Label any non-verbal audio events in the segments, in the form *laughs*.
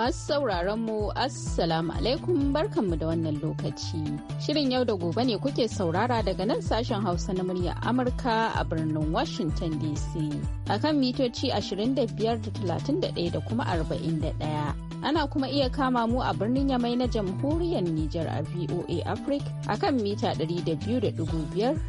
Masu sauraron mu Assalamu alaikum barkanmu da wannan lokaci. Shirin yau da gobe ne kuke saurara daga nan sashen Hausa na murya Amurka a birnin Washington DC. Akan mitoci 25 da 31 da kuma 41. Ana kuma iya kama mu a birnin Yamai na jamhuriyar Nijar a VOA Africa a kan mita 200.5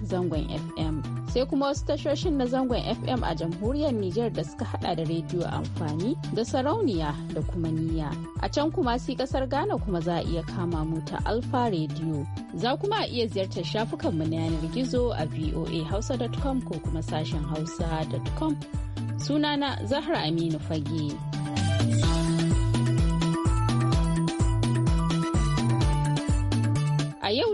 zangon FM. Sai kuma wasu tashoshin na zangon FM a jamhuriyar Nijar da suka hada da rediyo amfani da sarauniya da kuma niya. A can kuma si kasar Ghana kuma za a iya kama mu ta Alfa rediyo Za kuma a iya ziyartar shafukanmu na yanar gizo a voahausa.com ko kuma sashen hausa.com. Sunana Zahra Aminu Fage.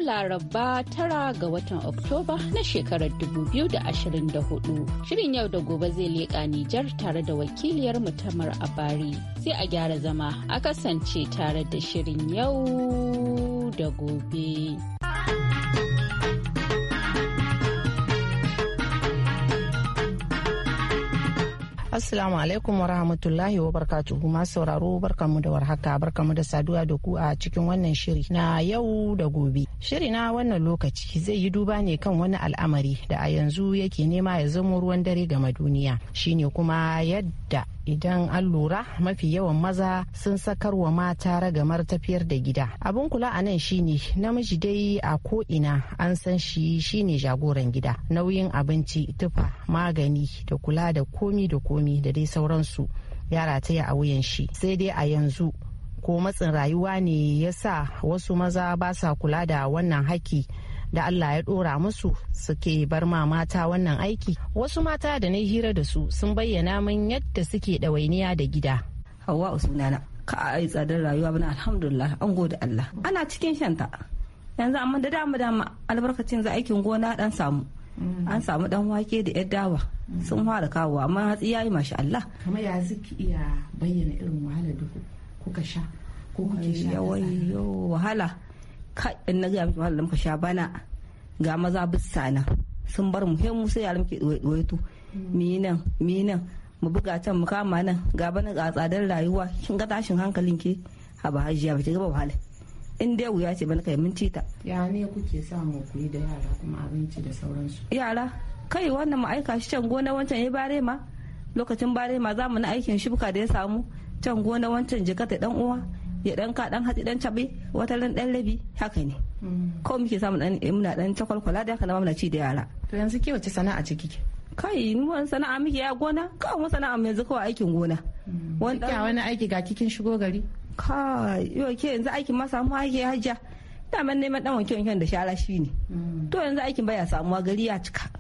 laraba tara ga watan Oktoba na shekarar 2024. Shirin yau da gobe zai leƙa Nijar tare da wakiliyar mutamar a bari. Sai a gyara zama a kasance tare da shirin yau da gobe. Assalamu alaikum wa rahmatullahi wa barkatuhu masu sauraro barkanmu da warhaka barkanmu da saduwa da ku a cikin wannan shiri na yau da gobe. Shiri na wannan lokaci zai yi duba ne kan wani al'amari da a yanzu yake nema ya zama ruwan dare game duniya shine kuma yadda idan an lura mafi yawan maza sun sakarwa mata ragamar tafiyar da gida abin kula a nan shine namiji dai a ko'ina an san shi shine jagoran gida nauyin abinci tufa magani da kula da komi da komi da dai sauransu yara ta a wuyan shi sai dai a yanzu ko matsin rayuwa ne ya sa wasu maza ba sa kula da wannan haki da Allah ya dora musu suke bar ma mata wannan aiki wasu mata da na hira da su sun bayyana min yadda suke ɗawainiya da gida hawa usunana ka ai tsadar rayuwa bana alhamdulillah an gode Allah ana cikin shanta yanzu amma da dama dama albarkacin za aikin gona dan samu an samu dan mm. wake da yar dawa mm. sun fara kawo amma hatsi yayi masha Allah kamar ya ziki iya bayyana irin wahalar da kuka sha ko kuke sha wahala in na gaya miki malam ka sha bana ga maza bisa na sun bar muhimmu sai yaran ke ɗuwaito minan nan nan mu buga can mu kama nan ga bana ga tsadar rayuwa kin ga tashin hankalin ke a ba hajiya ba ki ga wahala in dai wuya ce bana kai mun ta ya ne kuke sa ku yi da yara kuma abinci da sauransu yara kai wannan mu aika shi can gona wancan ya bare ma lokacin bare ma za mu na aikin shibka da ya samu can gona wancan jikata dan uwa ya dan ka dan hatsi dan cabe wata ran dan labi haka ne mm. ko muke samu dan eh, muna dan takwalkwala da haka na muna ci da yara to yanzu ke wace sana'a ce kike kai ni wani sana'a muke ya gona kawai wani sana'a mu yanzu kawai aikin gona mm. wani wani aiki ga kikin shigo gari kai yo ke yanzu aikin ma samu aiki hajja daman neman dan wanke wanke da shara shi ne mm. to yanzu aikin baya samuwa gari ya cika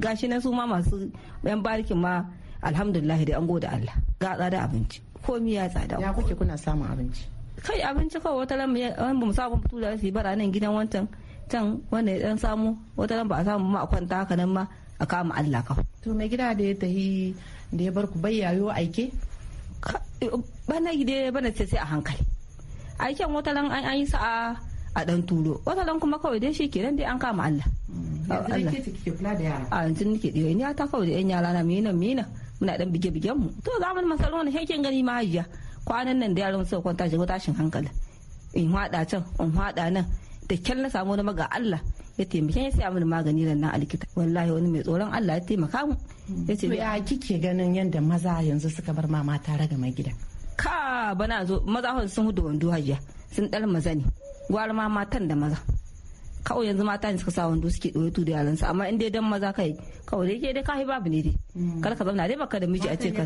gashi na su ma masu yan barikin ma alhamdulillah da an gode Allah ga tsada abinci komi ya tsada ya kuke kuna samun abinci kai abinci kawai wata ran ba mu samu fito da su bara nan gidan wancan can wanda ya dan samu wata ran ba a samu ma a kwanta haka nan ma a kama Allah kawai. To mai gida da ya tafi da ya bar ku bayyayo aike? Bana gida bana ce sai a hankali. Aiken wata ran an yi sa'a a dan turo wata ran kuma kawai dai shi kenan dai an kama Allah. Mm. Yanzu ne da yara? A yanzu nake ɗiyo ni ta kawai da 'yan yara na mina mina muna dan bige bigen mu. To za mu hekin gani mahajiya. kwanan nan da yaran suka kwanta shiga tashin hankali in hada can in hada nan da kyal na samu na maga Allah ya taimake ya saya mini magani da na alkita wallahi wani mai tsoron Allah ya taimaka mu ya ce ya kike ganin yadda maza yanzu suka bar mama ta raga mai gida ka bana zo maza sun hudu wando hajiya sun dalma maza ne gwara ma matan da maza kawai yanzu mata ne suka sa wando suke tu da yaransu amma in dai dan maza kai kawai dai ke dai kai babu ne dai mm. kar ka zauna dai baka da miji a ce ka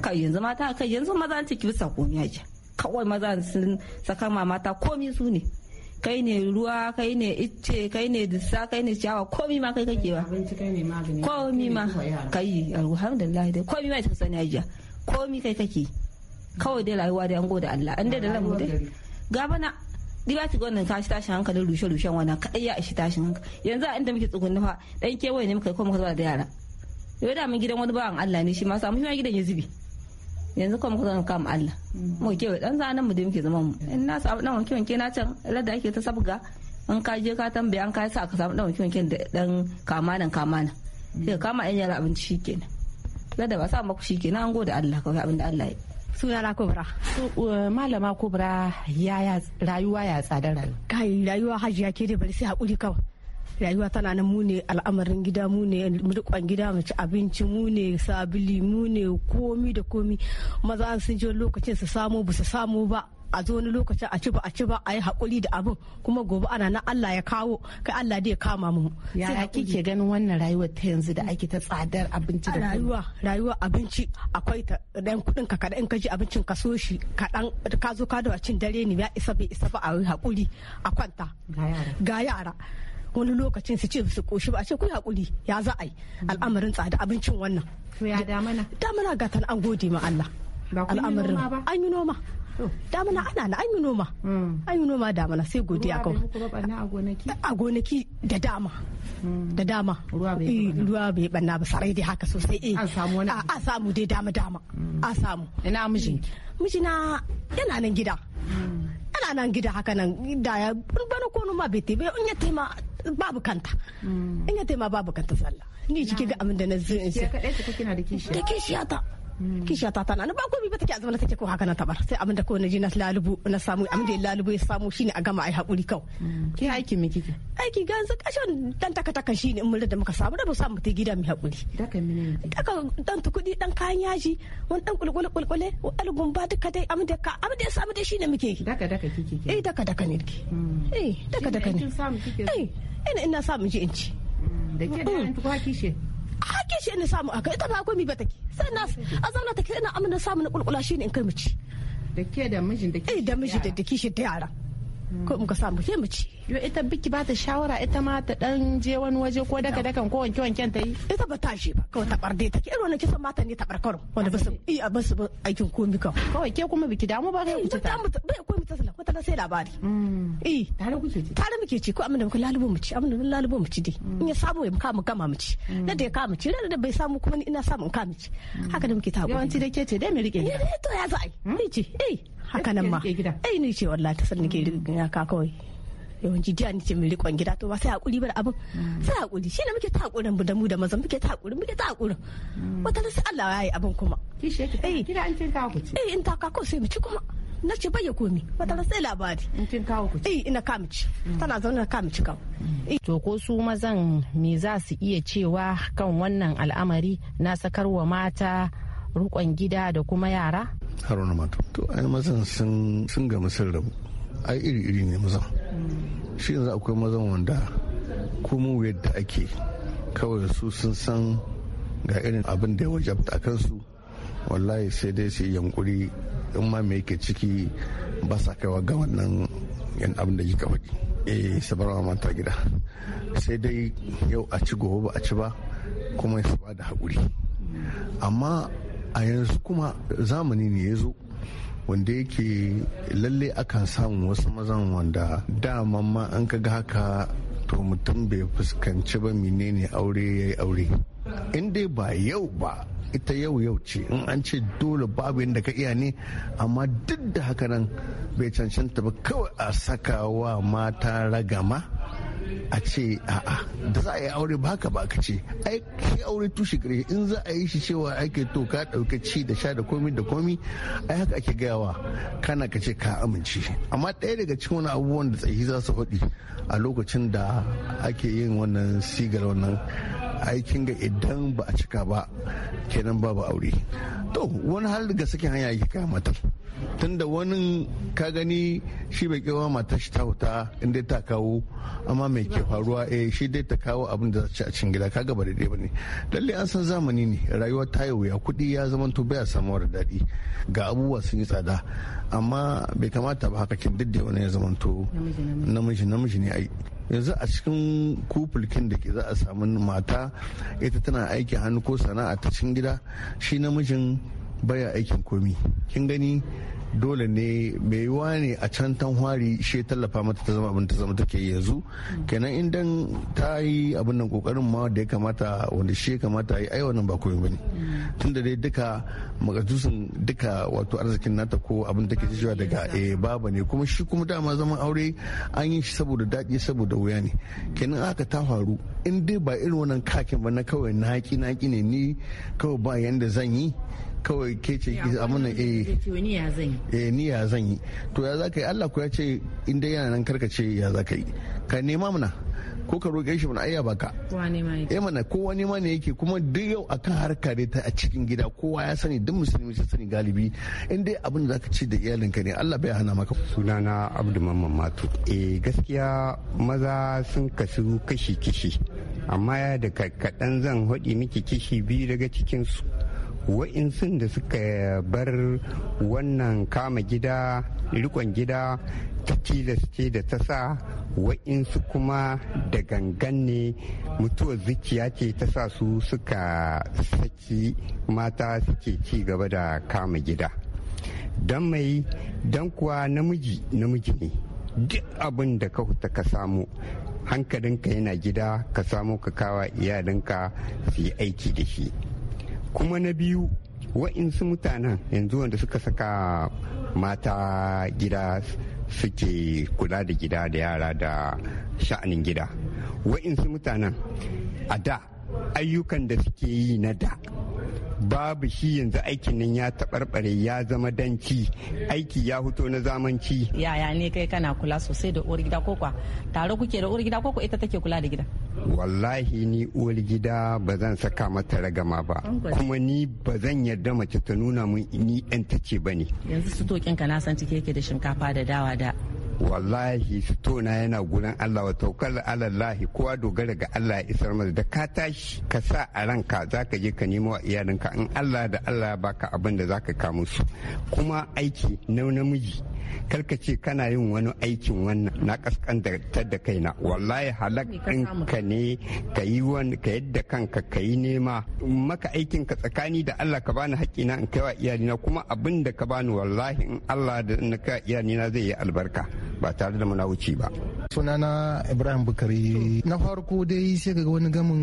kai yanzu mata kai yanzu maza an ce ki bisa komai a kawai maza sun saka ma mata komai su ne kai ne ruwa kai ne icce kai ne dussa kai ne ciyawa komi ma kai kake ba komi ma kai alhamdulillah dai komi ma ta sani ajiya komi kai kake kawai dai rayuwa dai an gode Allah an dai da lamu dai gabana di ba ka ga wannan kashi tashin hankalin rushe rushen wani kadai ya ishi tashin hankali yanzu a inda muke tsugunni fa dan kewaye ne muka ko muka zuwa da yara yau da mun gidan wani bawan Allah ne shi ma samu shi ma gidan ya zubi yanzu kuma muka zama kama Allah mu kewaye dan zanen mu da muke zama mu in na samu dan wanke wanke na can ladda ake ta sabga in ka je ka tambaya an ka sa ka samu dan wanke wanke da dan kamanan kamanan sai kama yan yara abinci shikenan ladda ba sa maku shikenan an gode Allah kawai abin da Allah ya sunana kubra uh, malama kubra ya rayuwa ya tsada kai rayuwa hajiya ke da bari sai hakuri kawai rayuwa tana nan mu ne al'amarin gida mu ne rikon gida mu ci abinci mu ne sabili mu ne komi da komi maza sun je lokacin su samu ba su samu ba a zo wani lokacin a ci ba a ci ba a yi haƙuri da abin kuma gobe ana na Allah ya kawo kai Allah dai kama mu ya kike ganin wannan rayuwar ta yanzu da ake ta tsadar abinci da rayuwa rayuwa abinci akwai ta dan kudin ka kada in ka ji abincin ka so shi dan ka zo ka da cin dare ne ya isa bai isa ba a yi haƙuri a kwanta ga yara wani lokacin su ce su koshi ba a ce ku haƙuri ya za a yi mm. al'amarin tsada abincin wannan. To ya damana? Damana ga an gode ma Allah. ba. an yi noma. damana ana na anyi noma mm. anyi noma damana sai godiya kawai a gonaki da dama mm. da dama ruwa bai banna eh, ba sarai dai haka sosai eh an samu wani a samu dai dama dama mm. a samu ina mijin eh, mijina yana nan gida ana nan gida haka nan da ya bana kono ma bai tebe in ya tema babu kanta in ya tema babu kanta sallah ni ciki ga amin da na zai in sai kadai ta kina da kishiya da kishiya ta Mm. kisha ta tana ba komai ba take azumana take ko haka nan tabar sai abin da ko na ji na lalubu na samu abin da lalubu ya samu shine a gama ai hakuri kau mm. ki aiki miki kike aiki ga yanzu kashin dan taka taka shine in mun da muka samu da ba samu ta gida mi hakuri daka mene daka dan tukudi dan kayan yaji wani dan kulkule kulkule albun ba duka dai abin da ka abin da ya samu dai shine muke daka daka kike eh daka daka ne kike mm. eh daka daka ne eh ina ina samu ji in ci da ke da an tukwaki shi haƙƙin shi ina samu aka ita ba komi ba take sai na a zauna take ina amina samu na kulkula shi ne in kai mu ci da ke da mijin da ke eh, da mijin da shi da yara Mm. ko muka samu sai mu ci yo ita biki ba ta shawara ita ma ta dan je wani waje ko daga dakan ko wanke wanken ta yi ita ba ta shi ba kawai ta barde ta irin wannan kisan mata ne ta barkaro wanda ba su basu ba aikin komi kan kawai ke kuma biki damu ba kai kuce ta ba ko mu tasala wata sai labari mm. eh tare kuke ci tare muke ci ko amma da muka lalubo mu ci amma da lalubo mu ci dai mm. in ya samu ya mu gama mu ci na da ya kama ci da bai samu kuma ni ina samu in kama ci haka da muke ta yawanci da ke ce dai me rike ni eh, to ya za a hmm? ce eh haka nan ma ai ni ce wallahi ta sanni ke ka kawai yawanci jiya ni ce mun rikon gida to ba sai hakuri bar abin mm. sai hakuri shi ne muke ta hakurin da mu da mazan muke ta hakuri muke ta hakurin mm. wata sai Allah ya yi abin kuma ki yake kira eh. an tinka ku ce eh in ta ko sai mu ci kuma na ce bai komi wata sai labari in kin kawo ku eh ina ka ci mm. tana zaune na mu ci ka to ko su mazan me za su iya cewa kan wannan al'amari na sakarwa mata rukon gida da kuma yara haruna mata to ai mazan sun gamu sun rabu ai iri-iri ne mazan shi yanzu akwai mazan wanda kuma yadda ake kawai su sun san ga irin abin da ya wajabta kansu wallahi sai dai su yankuri in ma me yake ciki ba sa kaiwa ga wannan yan abin da kika faɗi eh sabarwa mata gida sai dai yau a ci gobe ba a ci ba kuma su ba da haƙuri amma a yanzu kuma zamani ne ya zo wanda yake lalle akan samu wasu mazan wanda dama ma an ga haka to mutum bai fuskanci ba menene aure ya yi aure in ba yau ba ita yau yau ce in an ce dole babu yadda ka iya ne amma duk da haka nan bai cancanta ba kawai a saka wa mata ragama a ce a'a da za a yi aure ba ka ba ka ce ai shi aure tushe ƙarshe in za a yi shi cewa ake to ka ɗauka ci da sha da komi da komi ai haka ake gayawa kana ka ce ka amince amma ɗaya daga cikin wani abubuwan da tsayi za su faɗi a lokacin da ake yin wannan sigar wannan aikin ga idan ba a cika ba kenan babu aure to wani har daga sakin hanya yake kai matar tun da wani ka gani shi bai kewa matar shi ta huta inda ta kawo amma mai mai ke faruwa eh shi dai ta kawo abin da ci a cikin gida ka gaba kaga ba ne lalle an san zamani ne rayuwa ta yi wuya kuɗi ya zama to baya samuwa da daɗi ga abubuwa sun yi tsada amma bai kamata ba haka kin didde wani ya zama to namiji namiji ne ai yanzu a cikin kufulkin da ke za a samu mata ita tana aiki hannu ko sana'a ta cikin gida shi namijin baya aikin komi kin gani dole ne mai yiwuwa ne a can tanhwari she tallafa mata ta zama abin ta zama take yanzu kenan in ta yi abin nan kokarin ma da ya kamata wanda she kamata yi ai wannan ba koyo bane tunda dai duka makasusun duka wato arzikin nata ko abin take cewa daga eh baba ne kuma shi kuma dama zaman aure an yi shi saboda daɗi saboda wuya ne kenan aka ta faru in dai ba irin wannan kakin ba na kawai naki naki ne ni kawai ba yanda zan yi kawai ke ce a mana eh eh ya zan yi to ya zaka yi Allah ku ya ce in dai yana nan karka ce ya zaka yi ka nema mana ko ka roƙe shi mana ayya baka eh mana kowa nema ne yake kuma duk yau akan harka ne ta a cikin gida kowa ya sani duk musulmi sai sani galibi in dai abin da zaka ci da iyalinka ne Allah bai hana maka sunana Abdu Mamman Matu eh gaskiya maza sun kasu kashi kishi amma ya da kaɗan zan haɗi miki kishi biyu daga cikin su wa'insun da suka bar wannan kama gida rikon gida ta ce da ta sa wa'insu kuma da gangan ne mutuwar zuciya ce ta sa su suka saki mata suke ci gaba da kama gida don mai don kuwa namiji namiji ne duk abin da ka huta ka samu hankalinka yana gida ka samu ka kawa iyalinka su yi aiki da shi kuma na biyu wa'insu mutanen yanzu wanda suka saka mata gida suke kula da gida da yara da sha'anin gida wa'insu mutanen a da ayyukan da suke yi na da babu shi yanzu aikin nan ya taɓarɓare ya zama danci aiki ya huto na zamanci yaya ne kai kana kula sosai da uwar gida ko kwa tare kuke da uwar gida ko ita take kula da gida wallahi ni uwar gida ba zan saka mata ragama ba kuma ni ba zan yarda mace ta nuna mun ni ɗan ta ce ba ne yanzu su tokin ka na san cike yake da shinkafa da dawa da wallahi sutona na yana gurin Allah wa tawakkal alallahi kowa dogara ga Allah ya isar masa da ka tashi ka sa a ranka za ka je ka nemo iyalinka in Allah da Allah ya baka abin da za ka su kuma aiki na namiji karka ce kana yin wani aikin wannan na kaskantar da kaina wallahi halak ne ka yi wani ka yadda kanka ka yi nema maka aikin ka tsakani da Allah ka bani na in kaiwa na kuma abin da ka bani wallahi in Allah da in na iyali na zai yi albarka ba tare da muna wuce ba sunana Ibrahim Bukari na farko dai sai ga wani gamin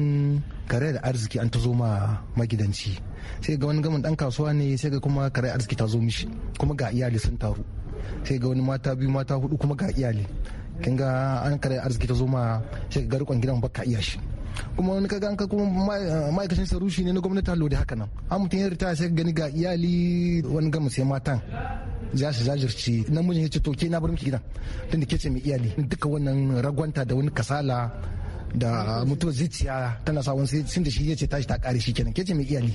kare da arziki an ta zo ma magidanci sai ga wani gamin dan kasuwa ne sai ga kuma kare arziki ta zo mishi kuma ga iyali sun taru sai ga wani mata biyu mata hudu kuma ga iyali kin ga an kare arziki ta zo ma sai ga rikon gidan baka iya shi kuma wani kaga an ka kuma ma'aikacin sarushi ne na gwamnati lodi haka nan an mutum ya ritaya sai gani ga iyali wani gamu sai matan za su zajirci namijin ya ce to ke na bar miki gidan tunda ke ce mai iyali duka wannan ragwanta da wani kasala da mutuwar zuciya tana sa wani sun da shi ya ce tashi ta kare shi kenan ke ce mai iyali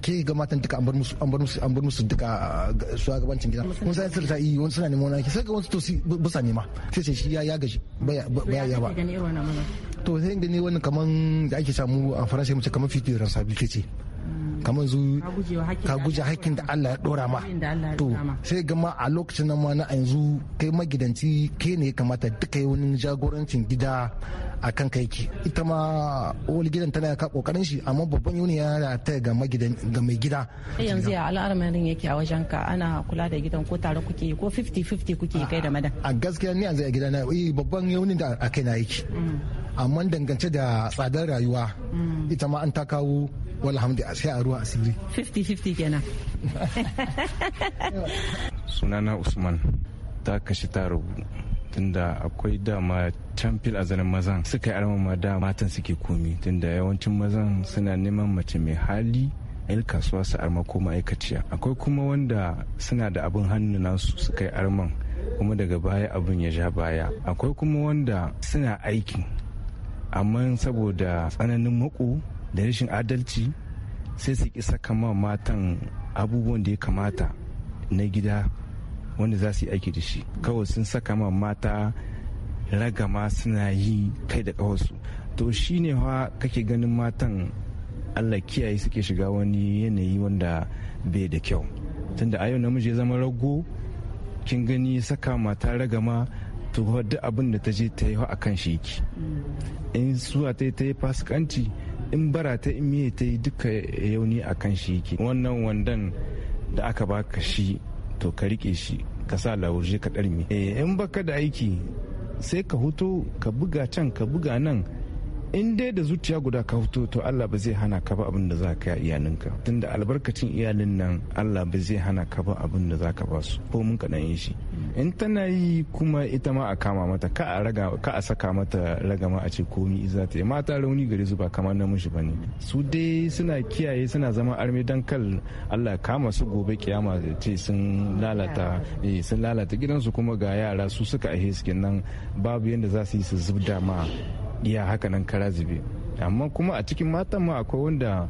ke ga matan duka an bar musu an bar musu an bar musu duka su gabancin gida mun sai sirta yi wani suna neman wani sai ga wani to su busa nema sai sai shi ya ya gaji baya ya ba to sai gani wani kaman da ake samu a faransa mace kaman fiti responsibility ce kamar zu ka guje hakkin da Allah ya dora ma to sai gama a lokacin nan ma na yanzu kai magidanci ke ne kamata duka yi wani jagorancin gida a kan kai ke ita ma wani gidan tana ka kokarin shi amma babban yuni ya ta ga mai gida yanzu ya al'amarin yake a wajen ka ana kula da gidan ko tare kuke ko 50-50 kuke kai da madan a gaskiya ni yanzu a gida na eh, babban yuni da a kai na yake mm. amma dangance da tsadar rayuwa mm. ita ma an ta kawo walhamdu sai a ruwa asiri 50-50 kenan *laughs* sunana usman ta kashi ta rubu tunda akwai dama can fil zanen mazan suka yi almama da matan suke komi tunda yawancin mazan suna neman mace mai hali 'yan kasuwa su arma ko ma'aikaciya akwai kuma wanda suna da abin hannu nasu suka yi arman kuma daga baya abin ya ja baya akwai kuma wanda suna aiki amma saboda tsananin mako da rashin adalci sai su ki saka ma matan abubuwan da ya kamata na gida wanda za su yi aiki da shi kawai sun saka ma mata ragama suna yi kai da kawarsu to shi ne fa kake ganin matan allah kiyaye suke shiga wani yanayi wanda bai da kyau tunda a yau namiji ya zama rago kin gani saka mata ragama to duk abin da ta je ta yi a kan shi yake in suwa ta yi fasikanci in bara in miye ta yi duka yauni a kan shi yake wannan wandan da aka baka shi to ka rike shi ka sa lawurje ka ɗarmi eh, in baka da aiki sai ka huto ka buga can ka buga nan in dai da zuciya guda ka fito to Allah ba zai hana ka ba abin da za ka yi iyalinka tunda albarkacin iyalin nan Allah ba zai hana ka ba abin da za ba su ko mun kaɗan yin shi in tana yi kuma ita ma a kama mata ka a raga ka a saka mata ragama a ce komi za ta yi mata rauni gare su ba kamar namiji ba ne su dai suna kiyaye suna zama armi dan kal Allah kama su gobe kiyama ce sun lalata eh, sun lalata gidansu kuma ga yara su suka ahe nan babu yadda za su yi su zubda ma iya haka nan kara zube amma kuma a cikin matan ma akwai wanda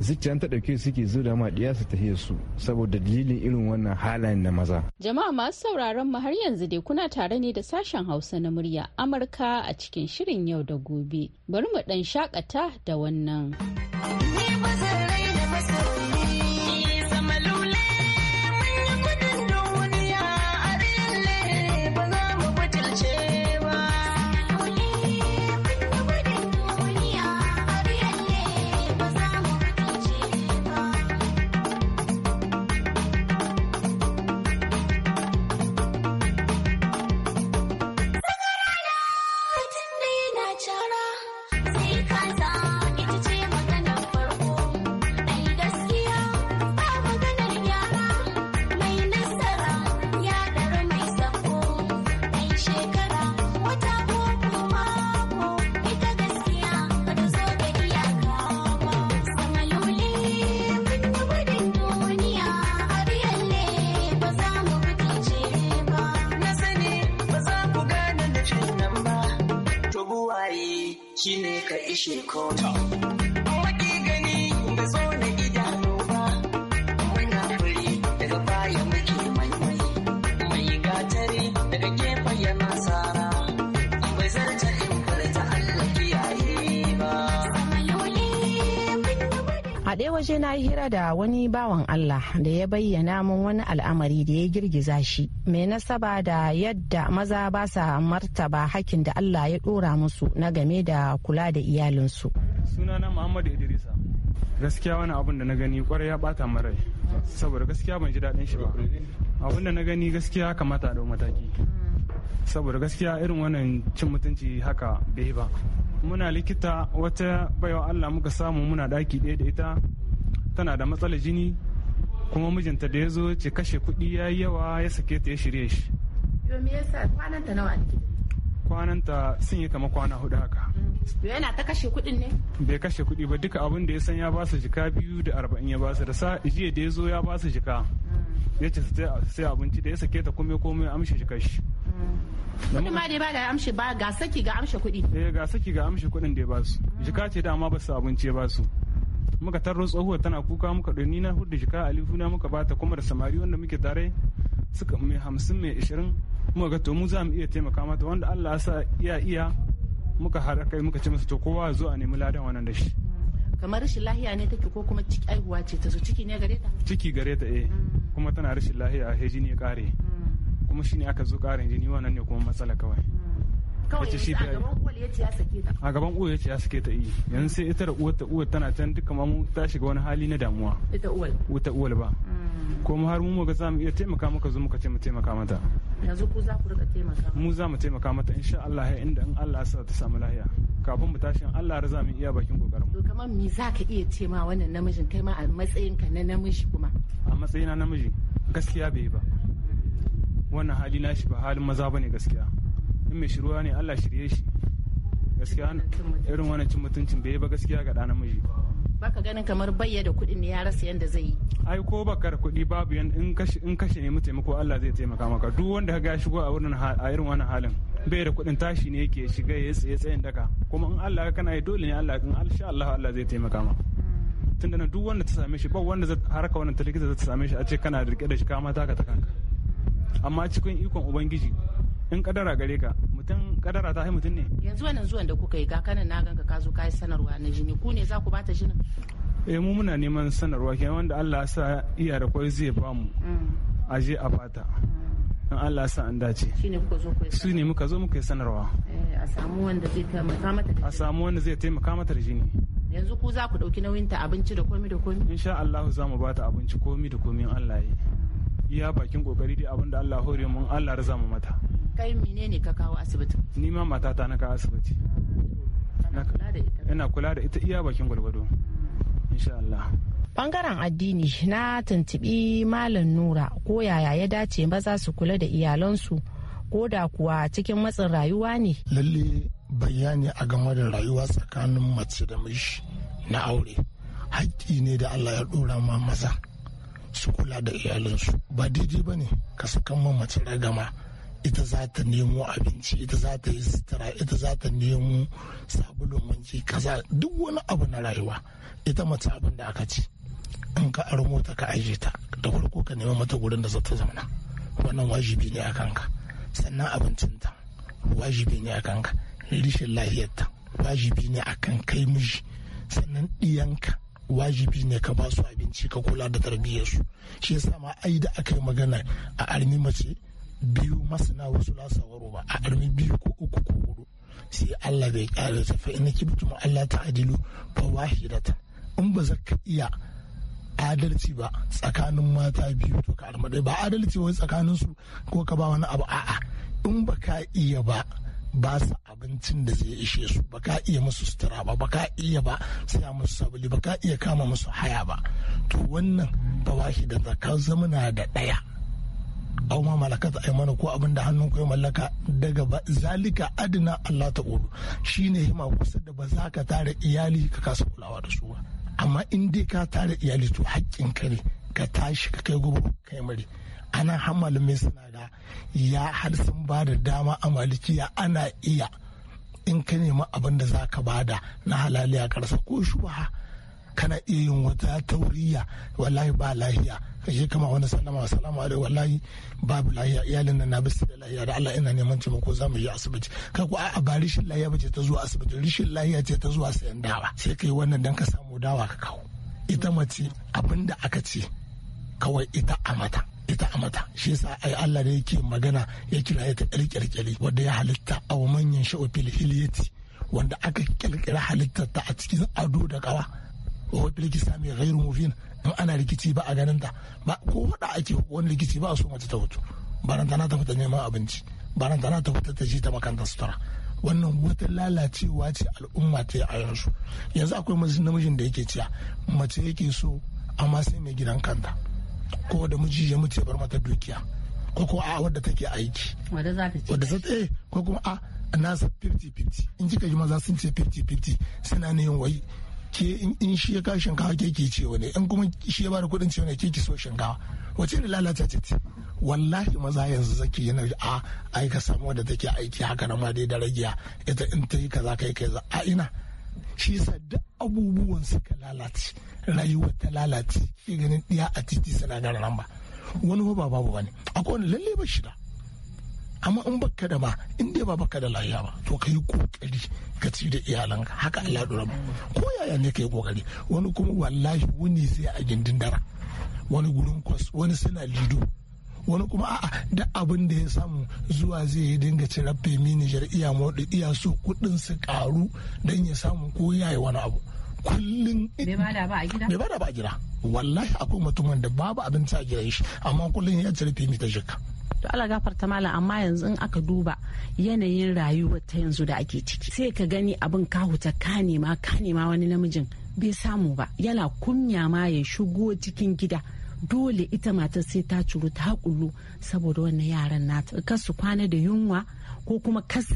zuciyan ta dauke suke zo da maɗiya su ta su saboda dalilin irin wannan halayen na maza. Jama'a masu sauraron mu har yanzu dai kuna tare ne da sashen Hausa na murya Amurka a cikin shirin yau da gobe. Bari mu ɗan shakata da wannan. she called. a ɗaya waje na yi hira da wani bawan allah da ya bayyana min wani al'amari da ya girgiza shi mai nasaba da yadda maza ba sa martaba hakin da allah ya ɗora musu na game da kula da iyalinsu sunana muhammadu idrisa gaskiya wani abun da na gani kwarai ya bata marai saboda gaskiya ban ji daɗin shi ba abun da na gani gaskiya kamata a mataki saboda gaskiya irin wannan cin mutunci haka bai ba muna likita wata baiwa allah muka samu muna daki ɗaya da ita tana da matsalar jini kuma mijinta da ya zo ce kashe kuɗi ya yi yawa ya sake ta ya shirye shi kwananta sun yi kama kwana hudu haka mm. yana ta kashe kuɗin ne bai kashe kuɗi ba duka abin da ya san ya ba su jika biyu da arba'in ya ba su da sa jiya da ya zo ya ba su jika mm. ya ce sai abinci da ya sake ta kome kome amshi jika shi mm. ma dai ba da amshi ba ga saki ga amshi kuɗi eh ga saki ga amshi kuɗin da ba su jika ce dama ba su abinci ba su muka tarro tsohuwar tana kuka muka ɗoni na hudu jika alifu na muka bata kuma da samari wanda muke tare suka mai hamsin mai ishirin muka ga to mu za mu iya taimaka mata wanda Allah sa iya iya muka haɗa kai muka ce masa to kowa zo a nemi ladan wannan da shi kamar rashin lahiya ne take ko kuma ciki aihuwa ce ta so ciki ne gare ta ciki gare ta eh mm. kuma tana rashin lahiya a hejini ne kare mm. kuma shine aka zo karin jini wannan ne kuma matsala kawai ya hmm. shi ta a gaban uwa yace ya sake ta yi eh. yanzu sai ita da uwar ta uwar tana can duka mamu ta shiga wani hali na damuwa ita uwar ita uwar ba hmm. mu har mu ga mu iya taimaka maka zo muka ce mu taimaka mata yanzu ku za ku rika taimaka mu za mu taimaka mata insha Allah ya inda in Allah ya sa ta samu lahiya. kafin mu tashi Allah za mu iya bakin kokarin mu kamar me za ka iya ce ma wannan namijin kai ma a matsayin ka na namiji kuma a matsayin na namiji gaskiya bai ba wannan hali na shi ba halin maza bane gaskiya in mai shiruwa ne Allah shirye shi gaskiya irin wannan cin mutuncin bai ba gaskiya ga ɗana namiji baka ganin kamar bayya da kuɗin ne ya rasa yanda zai yi ai ko baka da kuɗi babu yan in kashe in kashe ne mu taimako Allah zai taimaka maka duk wanda haka ga shigo a wurin a irin wannan halin bai da kuɗin tashi ne yake shiga ya tsaye tsayin daka kuma in Allah ka kana yi dole ne Allah in insha Allah Allah zai taimaka ma hmm. tunda duk wanda ta same shi ba wanda haraka wannan talikita likita ta same shi a ce kana rike da shi kama taka ta kanka amma cikin ikon ubangiji in kadara gare ka mutum kadara ta hai mutum ne yanzu wannan zuwan da kuka yi ga kanin na ganka ka zo ka yi sanarwa na jini ku ne za ku bata jinin eh mu muna neman sanarwa kenan wanda Allah ya sa iya da kwai zai ba mu mm. a je a fata mm. in Allah ya sa an dace su ne muka zo muka yi sanarwa eh, a samu wanda zai taimaka mata a samu wanda zai taimaka mata da jini yanzu ku za ku dauki nauyin ta abinci da komi da komi insha Allah za mu bata abinci komi da komi Allah ya yi mm. iya bakin kokari dai abinda Allah hore mun Allah raza mu mata kai menene ka kawo asibiti ni ma matata na kawo asibiti ina kula da ita iya bakin gwalgwado insha Allah bangaren addini na tuntubi malam nura ko yaya ya dace maza su kula da iyalansu ko da kuwa cikin matsin rayuwa ne lalle bayani a game da rayuwa tsakanin mace da mishi na aure haƙƙi ne da Allah ya ɗora ma maza su kula da iyalinsu ba daidai ba ne ka sakan man mace ragama ita za ta nemo abinci ita za ta yi sutura ita za ta nemo sabulun wanki kaza duk wani abu na rayuwa ita mace abin da aka ci in ka aro mota ka aje ta da farko ka nemi mata gurin da za ta zauna wannan wajibi ne a kanka sannan abincinta wajibi ne a kanka rishin lahiyarta wajibi ne a kan kai miji sannan ɗiyanka wajibi ne ka ba su abinci ka kula da tarbiyyarsu shi yasa ma ai da aka yi magana a armi mace biyu masana wasu lasawaro ba a armi biyu ko uku ko hudu sai Allah bai kare ta fa ina kibtu Allah ta ajilu fa wahidata in ba za ka iya adalci ba tsakanin mata biyu to ka armi ba adalci wai tsakanin su ko ka ba wani abu a'a in ba ka iya ba ba su abincin da zai ishe su ba ka iya musu sutura ba ba ka iya ba sai musu sabuli ba ka iya kama musu haya ba to wannan shi da zakar zamana da ɗaya au ma malakat aymanu ko abin da hannun ku ya mallaka daga zalika adna Allah ta ta'ala shine hima kusa da ba za ka tara iyali ka kasa kulawa da su ba amma in dai ka tare iyali to haƙƙin ka ne ka tashi ka kai gobe ka yi mari Ana har mai suna ya har sun ba da dama a malikiya ana iya in ka nemi abin da za ka bada na halaliya karsa ko shubaha kana iya yin wata tauriya wallahi ba lahiya kashe kama wani sallama salama alaikum wallahi babu lahiya iyalin nan na bisa da lahiya da Allah ina neman ko za mu yi asibiti ka ku a ba rishin lahiya ba ce ta zuwa asibiti rishin lahiya ce ta zuwa sayan dawa sai ka yi wannan dan ka samu dawa ka kawo ita mace abin da aka ce kawai ita a mata ita a mata shi yasa ai Allah da yake magana ya kira ta kirkirkiri wanda ya halitta a manyan sha'ofil hiliyati wanda aka kirkira halittar ta a cikin ado da kawa wa likita mai ghairu mufin in ana rikici ba a ganin ta ba ko wanda ake wani rikici ba a so mace ta hutu barantana ta fita neman abinci barantana ta fita ta ji ta makanta sutura wannan wata lalacewa ce al'umma ta yi a yanzu yanzu akwai namijin da yake ciya mace yake so amma sai mai gidan kanta ko da miji ya mutu ya bar mata dukiya ko ko a wadda take aiki wadda za ta ce eh, ko kuma a nasa 50-50 in kika ji maza sun ce 50-50 suna ne yin wai ke in shi ya ka shinkawa ke ke ce wani in kuma shi ya bada kudin ce wani ke ki so shinkawa wace da lalata ce ce wallahi maza yanzu zaki yana a aika samu wadda take aiki haka na ma dai da ragiya ita in ta yi kaza kai za a ina shi yasa duk abubuwan suka lalace rayuwar ta lalace ke ganin ɗiya a titi suna garan ba wani ba babu wani akwai wani lalle ba shida amma in baka da ba in dai ba baka da lafiya ba to ka yi kokari ka ci da iyalanka haka Allah dora ba ko yaya ne ka yi kokari wani kuma wallahi wani sai a gindin dara wani gurin kwas wani suna lido wani kuma a'a da abin da ya samu zuwa zai yi dinga cirar femi nijar iya mawadu iya so kudin su karu don ya samu ko ya yi wani abu kullum bai bada ba a gida wallahi akwai mutumin da babu abinci a gidan shi amma kullum ya cire femi ta jika to Allah ta malam amma yanzu in aka duba yanayin rayuwar ta yanzu da ake ciki sai ka gani abin ka huta ka nema ka nema wani namijin bai samu ba yana kunya ma ya shigo cikin gida dole ita matar sai ta curu ta kullu saboda wannan yaran nata kar su kwana da yunwa ko kuma kar su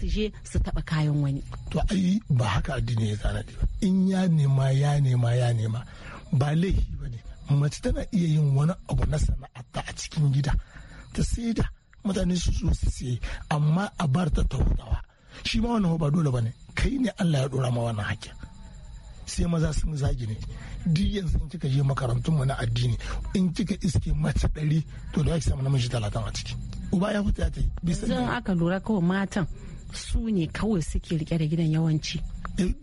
su taba kayan wani to ai ba haka addini ya tsara ba in ya nema ya nema ya nema ba laifi ba ne mace tana iya yin wani abu na sana'arta a cikin gida ta saida mutane su zo su siye amma a bar ta ta hutawa shi ma wannan ba dole ba ne kai ne Allah ya dora ma wannan sai maza sun zagi ne duk yanzu kika je makarantun mu na addini in kika iske mace ɗari to da ki samu namiji talatin a ciki uba ya fita ta yi zan aka lura kawai matan su ne kawai suke rike da gidan yawanci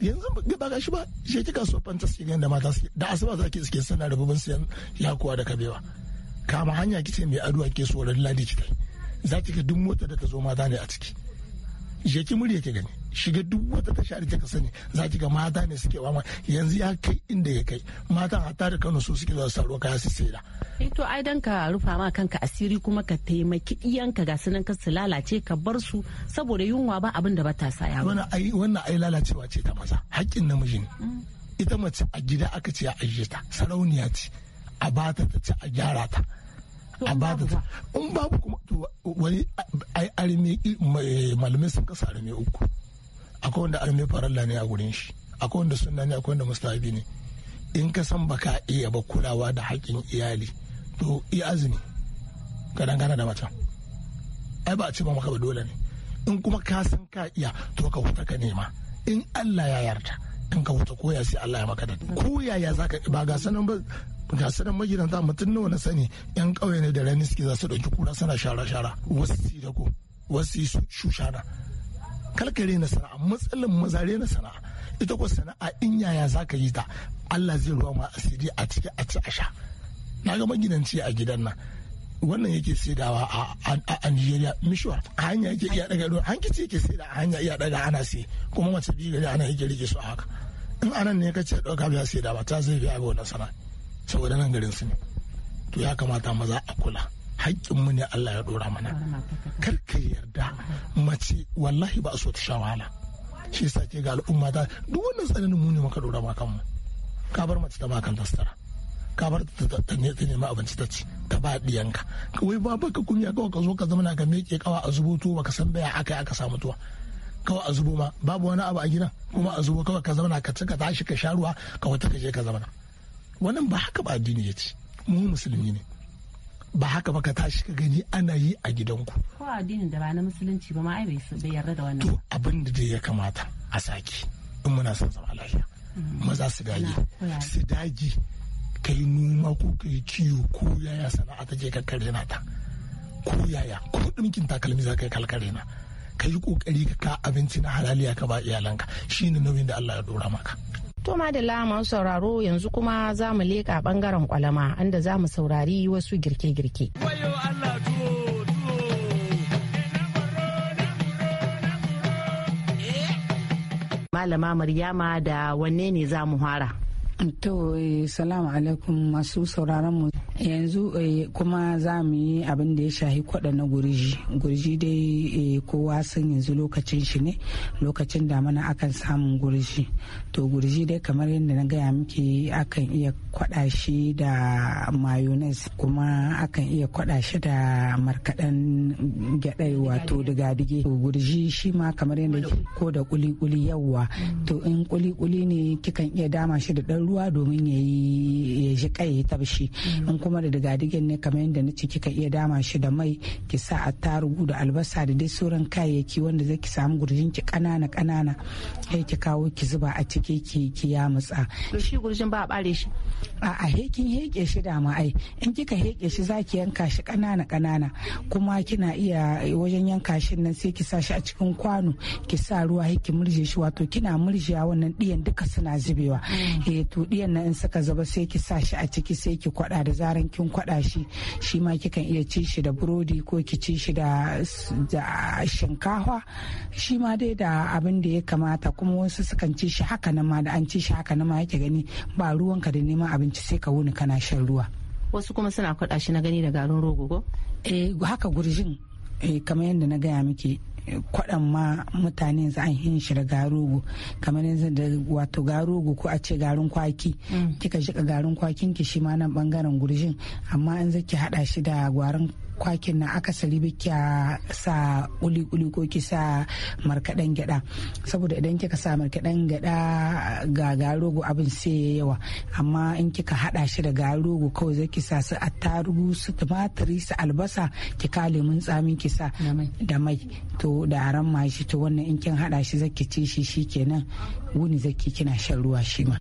yanzu ba ga shi ba shi kika so fanta ne da mata su da asuba za ki iske da rububin siyan yakuwa da kabewa kama hanya ki ce mai aduwa ke so ran ladi ki za ki ga duk mota da ta zo mata ne a ciki je ki murya ki gani shiga duk wata tasha da kika sani za ki ga mata ne suke wama yanzu ya kai inda ya kai mata a tare Kano su suke za su saro kaya su da. eh to ai dan ka rufa ma kanka asiri kuma ka taimaki iyanka ga sunan ka su lalace ka bar su saboda yunwa ba abin da ba ta sa wannan ai wannan ai lalacewa ce ta maza haƙƙin namiji ne mm. ita mace a gida aka ce a ajiye ta sarauniya ce a bata ta ce a gyara ta a babu in babu kuma wani arme malamai sun kasa arme uku akwai wanda arme faralla ne a gurin shi akwai wanda sunna ne akwai wanda mustahabi ne in ka san baka iya ba kulawa da haƙƙin iyali to iya azumi ka dangana da mata. ai ba a ce ba maka ba dole ne in kuma ka san ka iya to ka huta ka nema in Allah ya yarda in ka huta koya sai Allah ya maka da ko yaya zaka ba ga sanin ba ga su dan magidanta mutum nawa na sani yan ƙauye ne da rani suke za su ɗauki kura suna shara-shara wasu su da ku wasu su shushana kalkare na sana'a matsalin mazare na sana'a ita ko sana'a in yaya za ka yi ta Allah zai ruwa ma asiri a ciki a ci a sha na ga magidanci a gidan nan wannan yake saidawa a nigeria mishwar a hanya yake iya daga ruwa hankici yake saida a hanya iya daga ana sai kuma mace biyu gari ana yake rike su a haka in anan ne kace dauka biya saida ba ta zai biya ga wannan sana'a saboda nan garin su ne to ya kamata maza a kula mu ne Allah ya dora mana kar ka yarda mace wallahi ba a so ta sha wahala shi yasa ke ga al'umma ta duk wannan tsananin mu ne muka ɗora ma kanmu ka bar mace ta ma kan tastara ka bar ta ta nema abinci ta ci ta ba diyanka wai ba baka kunya kawai ka zo ka zama ka meke kawa a zubutu baka san baya aka aka samu tuwa kawai a zubo ma babu wani abu a gidan kuma a zubo kawai ka zama ka ci ka tashi ka sha ruwa ka wata ka je ka zama wannan ba haka ba addini ya ce mu musulmi ne ba haka ba ka tashi ka gani ana yi a gidanku ko addinin da ba na musulunci ba ma ai bai yarda da wannan to abin da ya kamata a saki in muna son zama lafiya mm. maza su dage su dage kai noma ko kai kiwo ko yaya sana'a ta je ka ta ko yaya ko dinkin takalmi za ka yi kalkare na ka yi kokari ka ka abinci na halaliya ka ba iyalanka shine nauyin da Allah ya dora maka To madalla masu sauraro yanzu kuma za mu leka ɓangaren kwalama inda za mu saurari wasu girke-girke. Malama Maryama da wanne ne za mu hara? To, eh, salamu alaikum masu sauraron mu. yanzu eh, kuma za mu yi abin da ya shahi kwaɗa na gurji gurji dai eh, kowa sun yanzu lokacin shi ne lokacin da mana akan samun gurji to gurji dai kamar yadda na gaya miki akan iya kwaɗa shi da mayonnaise kuma akan iya kwaɗa shi da markaɗen gyaɗai wato to gurji shi ma kamar yadda ko da kuli-kuli yawwa to in kuli-kuli ne kikan iya dama shi da ɗan ruwa domin ya yi ya ji kai tabshi in kuma kuma da digadigin ne kamar yadda na ci kika iya dama shi da mai ki sa attarugu da albasa da dai sauran kayayyaki wanda zai ki samu gurjin ki kanana kanana sai ki kawo ki zuba a ciki ki ki ya to shi gurjin ba a bare shi a a hekin heke shi da ma ai in kika heke shi zaki yanka shi kanana kanana kuma kina iya wajen yanka shi nan sai ki sa shi a cikin kwano ki sa ruwa ki murje shi wato kina murjiya wannan diyan duka suna zubewa mm. eh to diyan nan in suka zuba sai ki sa shi a ciki sai ki kwada da za karan kin kwada shi shi ma kikan iya ci shi da burodi ko ki ci shi da shinkafa shi ma dai da abin da ya kamata kuma wasu sukan ci shi haka nan ma da an ci shi haka nan ma yake gani ba ruwanka da neman abinci sai ka wuni kana shan ruwa wasu kuma suna kwada shi na gani da garin rogo ko eh haka gurjin eh, kamar yadda na gaya miki kwaɗan ma mutane za an yi shi da garugu kamar yanzu da wato garugu ko a ce garin kwaki mm. kika shiga garin kwakin ki shi ma nan bangaren gurjin amma an zaki hada shi da gwarin kwakin na aka akasari bikya sa kuli-kuli ko ki sa markaɗen gyaɗa saboda idan kika sa markaɗen gyaɗa ga garogo abin sai ya yawa amma in kika haɗa shi da garogo kawai zai kisa sa su attarugu su tumatiri su albasa ki ka mun tsamin kisa da mai to da aran ma shi to wannan in kin haɗa shi zaki ci shi shikenan wuni zaki kina shan ruwa shi ma.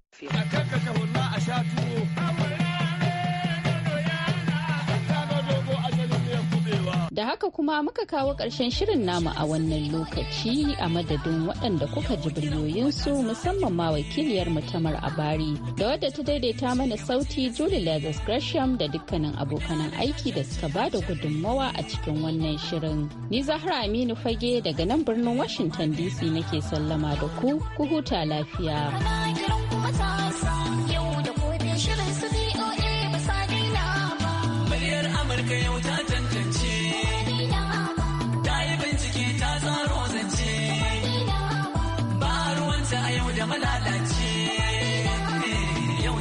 Da haka kuma muka kawo ƙarshen shirin namu a wannan lokaci a madadin waɗanda kuka ji su musamman ma wakiliyar mutamar a bari da wadda ta daidaita mana sauti Julie Lazarus Gresham da dukkanin abokanan aiki da suka ba da gudunmawa a cikin wannan shirin. Ni Zahra Aminu Fage daga nan birnin Washington DC nake sallama da ku, ku huta lafiya.